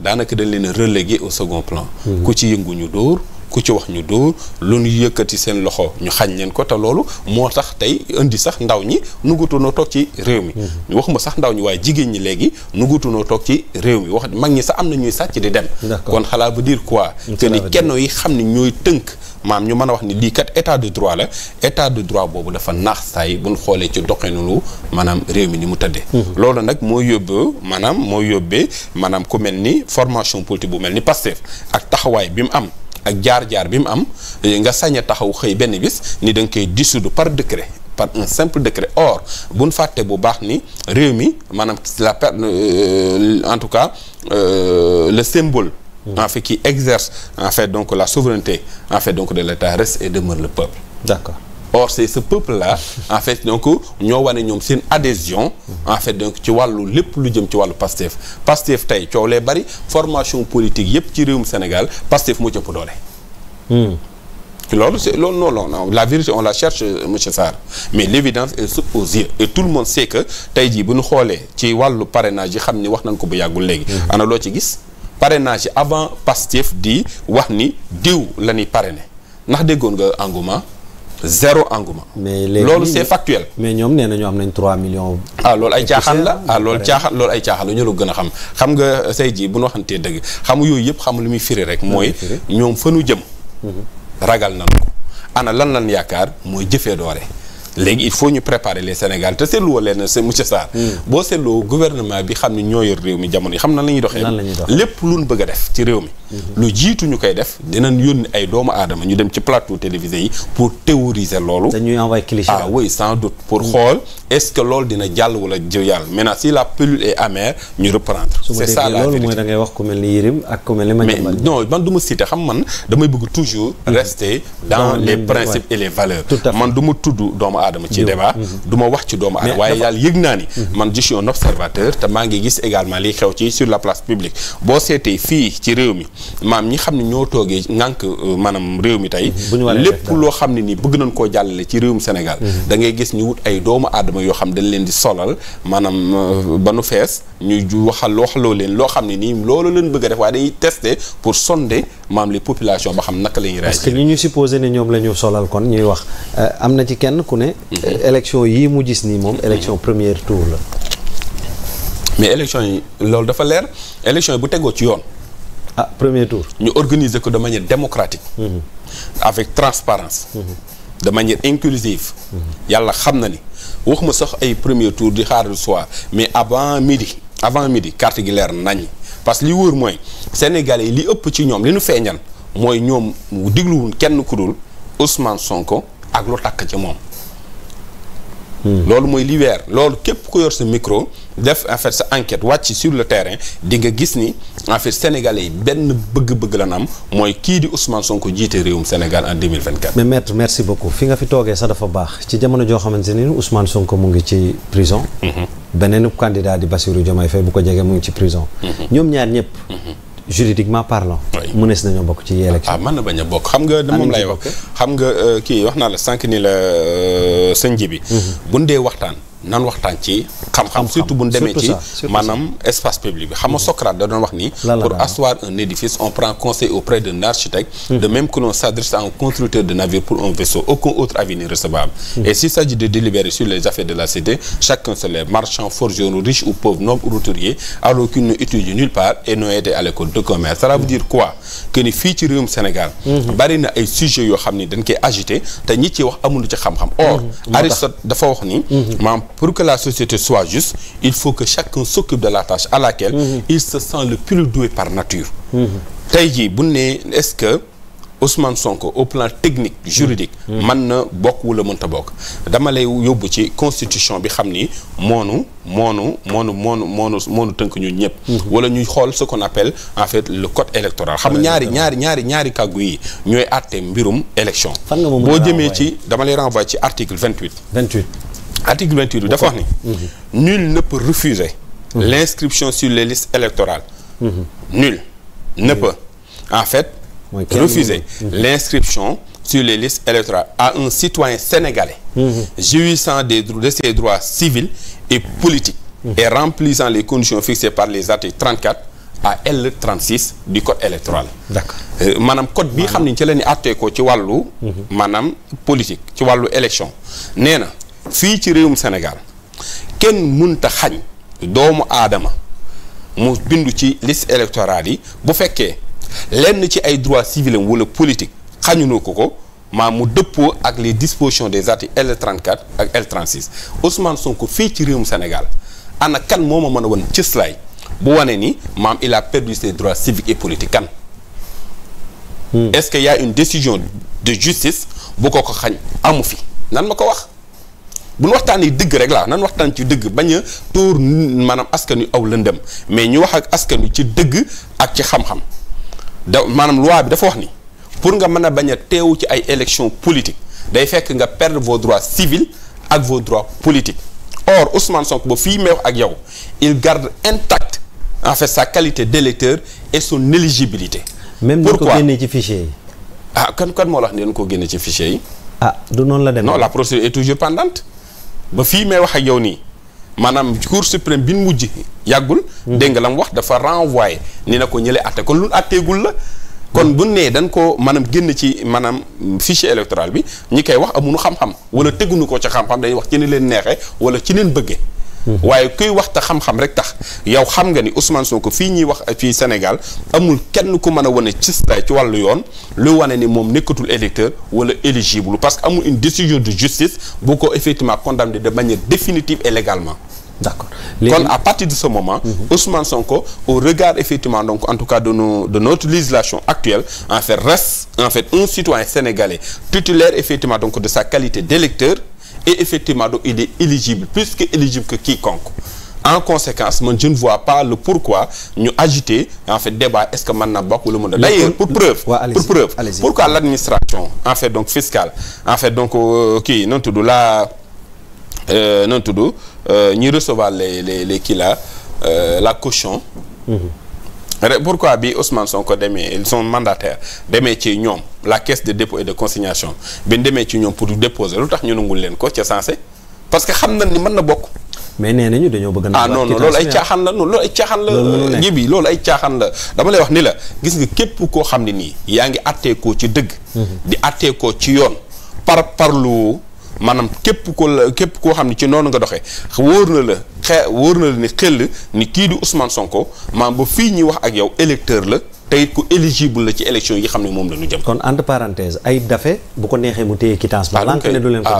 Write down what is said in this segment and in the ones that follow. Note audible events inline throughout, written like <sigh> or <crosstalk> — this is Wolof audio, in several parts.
daanaka dañ leen a relégué au second plan. ku ci yëngu ñu dóor. ku ci wax ñu dóor lu ñu yëkkati seen loxo ñu xaañ leen ko te loolu moo tax tey indi sax ndaw ñi nugutu noo toog ci réew mi. Mmh. waxuma sax ndaw ñi waaye jigéen ñi léegi nugutu noo toog ci réew mi wax mag ñi sax am na ñuy sàcc di dem. kon xalaat bu diir quoi. que ni kenn yi xam ne ñooy tënk. maam ñu mën a wax ni lii kat état de droit la état de droit boobu dafa naax saay bu ñu xoolee ci doxinulu maanaam réew mi ni mu tëddee. Mhm. loolu nag moo yóbbee maanaam yóbbee maanaam ku mel ni formation politique bu mel ni Pastef ak taxawaay bi mu am. ak jaar-jaar bi mu am eh, nga sañ a taxaw xëy benn bis ni da nga koy dissoudre par décret par un simple décret or bu ñu fàtte bu baax ni réew mi maanaam la per euh, en tout cas euh, le symbole. Mmh. en fait qui exerce en fait donc la souveraineté en fait donc de l'État reste et demeure le peuple. D'accord. or c'est ce peuple là <laughs> en fait donc ñoo wane ñoom seen adhésion en fait donc ci wàllu lépp lu jëm ci wàllu Pastef Pastef tey coow lee bari formation politique yépp ci réewum Sénégal Pastef moo jëpp doole mmh. loolu c'est loolu non non non la vérité on la cherche monsieur Sarr mais l'évidence est sous et tout le monde sait que tey jii bu nu xoolee ci wàllu parrainage yi xam ni wax nañ ko bu yàggul léegi mmh. ana loo ci gis pare naa yi avant Pastef di wax ni diw la ñuy ne ndax déggoon nga engouement zéro engouement. mais loolu c'est factuel. mais ñoom nee nañu am nañ 3 millions. ah loolu ay caaxaan la ah loolu caaxaan loolu ay caaxaan la ñu la gën a xam xam nga euh, say jii bu nu waxantee dëgg xamu yooyu yëpp xamu lu muy firi rek. mooy ñoom fa nu jëm. Mhm. ragal nañ ko ana lan lan yaakaar mooy jëfee doore. léegi il faut ñu préparer les Sénégal te seetlu leen c'est monsieur Sarr hmm. boo seetloo gouvernement bi xam ne ñoo yor réew mi jamono yi xam nan la ñuy doxee lépp luñ bëgg a def ci réew mi lu jiitu ñu koy def dinañ yónni ay doomu aadama ñu dem ci plateau télévisé yi pour théoriser loolu. dañuy envoyé cliché ah oui sans doute pour mm. xool est-ce que loolu dina jàll wala jiw yàlla maintenant si la pilule est amère ñu reprendre. c'est ça la vérité wax ku mel ni Yérim ak ku mel ni mais man duma ma cité xam man damay bëgg toujours. Mm. rester dans les principes et les valeurs. man du ma tudd doomu aadama ci débat. Mm-hmm. du ma wax ci doomu aadama waaye yàlla yëg naa ni. Mm-hmm. man je suis un observateur te maa ngi gis également liy xew ci sur la place publique boo seetee fii ci réew mi. maam ñi xam ne ñoo toogee ngànk euh, maanaam réew mi tey lépp loo xam ne nii bëgg nañ koo jàllale ci réewum Sénégal mhm. da ngay gis ñu wut ay doomu aadama yoo xam dañ leen di solal maanaam euh, ba nu fees ñuy waxal loo leen loo xam ne nii loolu leen bëgg a def waaye dañuy tester pour sonder maam li populations ba xam naka la ñuy réagir ni ñu supposé ne ñoom la ñu solal kon ñuy wax euh, am na ci kenn ku ne mhm. élection yii mu gis nii moom mhm. élection premier tour la mais élection yi loolu dafa leer élection bu tegoo ci yoon ah premier tour. ñu organiser ko de manière démocratique. Mmh. avec transparence mmh. de manière inclusive. Mm-hmm. yàlla xam na ni wax ma sax ay premier tour di xaar soir mais avant midi. avant midi carte gi leer nañ parce que li wóor mooy Sénégalais yi li ëpp ci ñoom li nu feeñal mooy ñoom digluwul kenn ku dul Ousmane Sonko ak lu takk ci moom. Mm. loolu mooy li weer loolu képp ku yor sa micro. def en fait sa enquête wàcc sur le terrain di nga gis ni en fait yi benn bëgg-bëgg lan am mooy kii di Ousmane Sonko jiite réewum Sénégal en 2024. mais maître merci beaucoup fi nga fi toogee sax dafa baax ci jamono joo xamante ni Ousmane Sonko mu ngi ci prison. Mhm. beneen candidat di Bassirou Diomaye Faye bu ko jege mu ngi ci prison. Mhm. ñoom ñaar ñëpp. Mhm. juridiquement parlant. oui mënees nañoo bokk ci élection. ah mën na bañ a bokk xam nga moom lay wax. xam nga euh, kii wax naa la sànq ni la euh, sëñ ji bi. buñ waxtaan nan waxtaan ci xam-xam surtout bu ñu demee ci maanaam espace public bi xam nga mm. Socrate da doon wax ni pour asseoir un édifice on prend conseil auprès d'un mm. de même pour un vaisseau aucun autre avis n'est mm. et s'il s'agit de sur les affaires de la cité chacun se lève marchand forgeron riche ou pauvre noble ou roturier alors qu'il ne étudie nulle part et n'a été à l'école de commerce ça veut dire quoi que ni fii ci réewum Sénégal mm-hmm. bari ay sujets yoo xam ni dañ koy agité soit juste il faut que chaque chacun s'occupe de la tâche à laquelle mmh. il se sent le plus doué par nature mm-hmm. tey jii bu ne est-ce que Ousmane Sonko au plan technique juridique man mm-hmm. mm-hmm. na bokk wala mënta bokk dama lay yóbbu ci constitution bi xam ni moonu moonu moonu moonu moonu moonu tënk ñu ñëpp wala ñuy xool ce qu'on appelle en fait le code électoral xam ñaari ñaari ñaari ñaari kàggu yi ñooy àtte mbirum élection boo jëmee ci dama lay renvoyer ci article vingt-huit article 28 dafa wax ni nul ne peut refuser l'inscription sur les listes électorales nul ne peut en fait refuser l'inscription sur les listes électorales à un citoyen sénégalais jouissant des de ses droits civils et politiques et remplissant les conditions fixées par les articles 34 à L36 du code électoral. d'accord euh, maanaam code bi xam ne ci la ñu àtteekoo ci wàllu. maanaam politique ci wàllu élection nee na. fii ci réewum Sénégal kenn munta xañ doomu aadama mu bindu ci liste électorale yi bu fekkee lenn ci ay droits civils wala politique xañunoo ko ko maa mu dëppoo ak les dispositions des articles L34 ak L36 Ousmane Sonko fii ci réewum Sénégal ana kan moo ma mën a wan cëslaay bu wane ni maam il a perdu ses droits civiques et politiques kan. Hmm. est-ce qu'il y une décision de justice bu ko ko xañ amu fi nan ma ko wax. bu waxtaan waxtaanee dëgg rek laa nan waxtaan ci dëgg bañ a tuur maanaam askan wi aw lëndëm mais ñu wax ak askan wi ci dëgg ak ci xam-xam da maanaam loi bi dafa wax ni pour nga mën a bañ a teewu ci ay élections politique day fekk nga perdre vos droits civils ak vos droits politiques or Ousmane Sonko ba fii meew ak yow il garde intact en fait sa qualité d'électeur et son éligibilité. même ko génnee ci fichier yi. ah kan kan moo la wax ne ko génne ci fichier yi. ah noonu la demee non la procédure est toujours ba fii may wax ak yow nii maanaam cour suprême bi mu wujj yàggul. Hmm. dégg nga la mu wax dafa renvoyé ni na ko ñële atte kon lu atteegul la. kon hmm. bu nee dañ ko maanaam génn ci maanaam fichier électoral bi ñi koy wax amuñu xam-xam wala teguñu ko ci xam-xam dañuy wax ci ni leen neexee wala ci leen bëggee. Mm-hmm. waaye kuy wax te xam-xam rek tax yow xam nga ni Ousmane ko fii ñuy wax fii Sénégal amul kenn ku mën a wane ci ci wàllu yoon lu wane ni moom nekkatul électeur wala éligible parce que amul une décision de justice bu ko effectivement condamné de manière définitive et légalement. d'accord kon à partir de ce moment. Mmh. Ousmane Sonko au regard effectivement donc en tout cas de nos de notre législation actuelle en fait reste en fait un citoyen sénégalais titulaire donc de sa qualité d'électeur et effectivement donc il est éligible plus que éligible que quiconque en conséquence man je ne vois pas le pourquoi ñu agiter en fait débat est-ce que mën na bokk wala mën na d'ailleurs euh, pour preuve ouais, pour preuve pourquoi l'administration en fait donc fiscale en fait donc kii euh, noonu tudd la euh, noonu tudd ñuy recevoir les les les kii la la caution mm pourquoi bi Ousmane ko demee ils sont mandataires demee ci ñoom la caisse de dépôt et de consignation bi demee ci ñoom pour déposer lu tax ñu nangu leen ko ca sensé parce que xam na ni mën na bokk. mais nee nañu dañoo bëgg ah non non loolu ay caaxaan la nu loolu ay caaxaan la ngi bi loolu ay caaxaan la dama lay wax ni la gis nga képp koo xam ne nii yaa ngi atteekoo ci dëgg mhm. di atteekoo ci yoon par lu maanaam képp ko la képp koo xam ne ci noonu nga doxee wóor na la xe wóor na la ni xel ni kii di Ousmane Sonko maam ba fii ñuy wax ak yow électeur la te ko ku éligible la ci élection yi xam ne moom la ñu jëm. kon entre parenthèse ay dafe bu ko neexee mu téye quittance. ah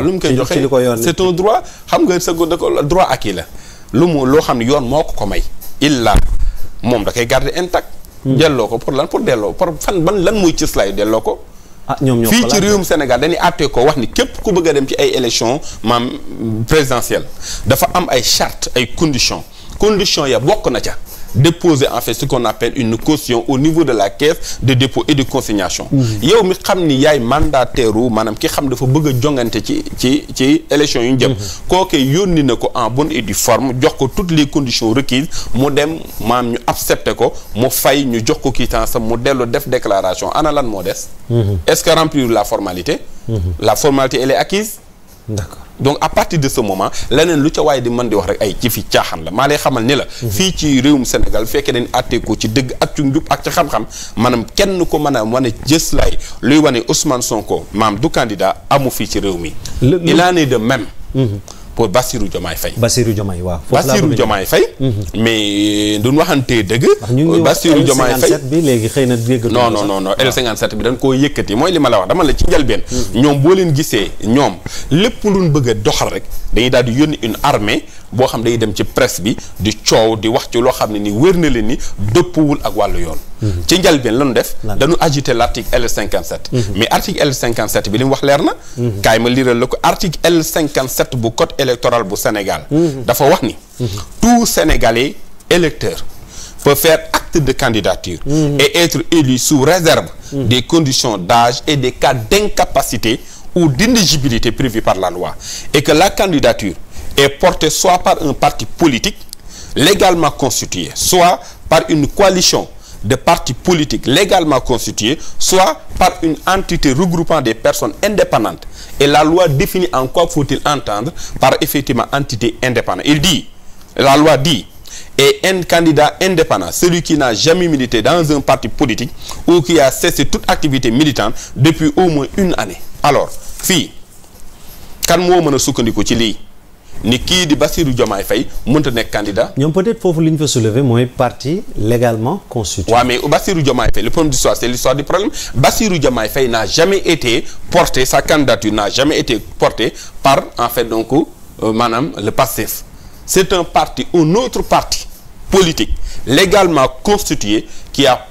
lu mu koy ah, joxe ci ko yoon c'est un droit xam nga sa droit ak yi la lu mu loo xam ne yoon moo ko ko may illa moom da koy garder intact. Hmm. delloo ko pour lan pour delloo pour fan ban lan mooy cëslaayu delloo ko. Ah, ñoom ñoo fii ci réewum Sénégal dañuy àttee ko wax ni képp ku bëgga a dem ci ay élection maam présidentielle dafa am ay charte ay conditions conditions ya bokk na ca. déposer en fait ce qu'on appelle une caution au niveau de la caisse de dépôt et de consignation mmh. yow mi xam ni yaay mandataire u maanaam ki xam dafa bëgg a jongante ci ci ci élection yu ñu jëm mmh. kookee yónni na ko en bonne et due forme jox ko toutes les conditions requises mu dem maam ñu accepté ko mu fay ñu jox ko kii quittance mu dellu def déclaration ana lan moo des mmh. est-ce que remplir la formalité la formalité elle acquise d'accord donc à partir de ce moment leneen lu ca waaye di man di wax rek ay ci fi caaxaan la maa lay xamal ni la. Mhm. fii ci réewum Sénégal fekkee ne àttee ko ci dëgg ak ci njub ak ci xam-xam maanaam kenn ko mën a wane jëslaay luy wane Ousmane Sonko maam du candidat amu fii ci réew mi. il en ne de même. Mhm. pour Bassirou Diomaye Faye. Bassirou Diomaye waaw. Mhm. Euh, Bassirou Diomaye Faye. mais dëgg. Bassirou Diomaye Faye L57 bi na dégg. non non non non L57 bi dañ koo yëkkati mooy li ma la wax dama la ci njëlbeen. Mhm. ñoom boo leen gisee ñoom lépp luñ bëgg a doxal rek dañuy daal yónni une armée. boo xam day dem ci presse bi di coow di wax ci loo xam ne ni wér na leen ni dëppwul ak wàllu yoon mhm. ci njëlbeen lañu def dañu agité l' article L57 mhm. mais article L57 bi li mu wax leer na mhm. kaay ma liiral la ko article L57 bu code électoral bu Sénégal dafa wax ni tout Sénégalais électeur peut faire acte de candidature mmh. et être élu sous réserve des conditions d'âge et des cas d'incapacité ou d'inéligibilité prévus par la loi et que la candidature est porté soit par un parti politique légalement constitué, soit par une coalition de parti politique légalement constitués, soit par une entité regroupant des personnes indépendantes. Et la loi définit en quoi faut-il entendre par effectivement entité indépendante. Il dit, la loi dit, et in candidat indépendant, celui qui n'a jamais milité dans un parti politique ou qui a cessé toute activité militante depuis au moins une année. Alors, fii kan moo mën a sukkandiku ci lii ni kii di Bassirou Diomaye Faye mënta nekk candidat. ñoom peut-être foofu li ñu fa soulever mooy parti légalement constitué. waaw mais Bassirou Diomaye Faye le problème du soir c'est l'histoire du problème Bassirou Diomaye Faye n'a jamais été porté sa candidature n'a été portée par en fait donc euh, maanaam le PASTEF c'est un parti un autre parti politique légalement constitué qui a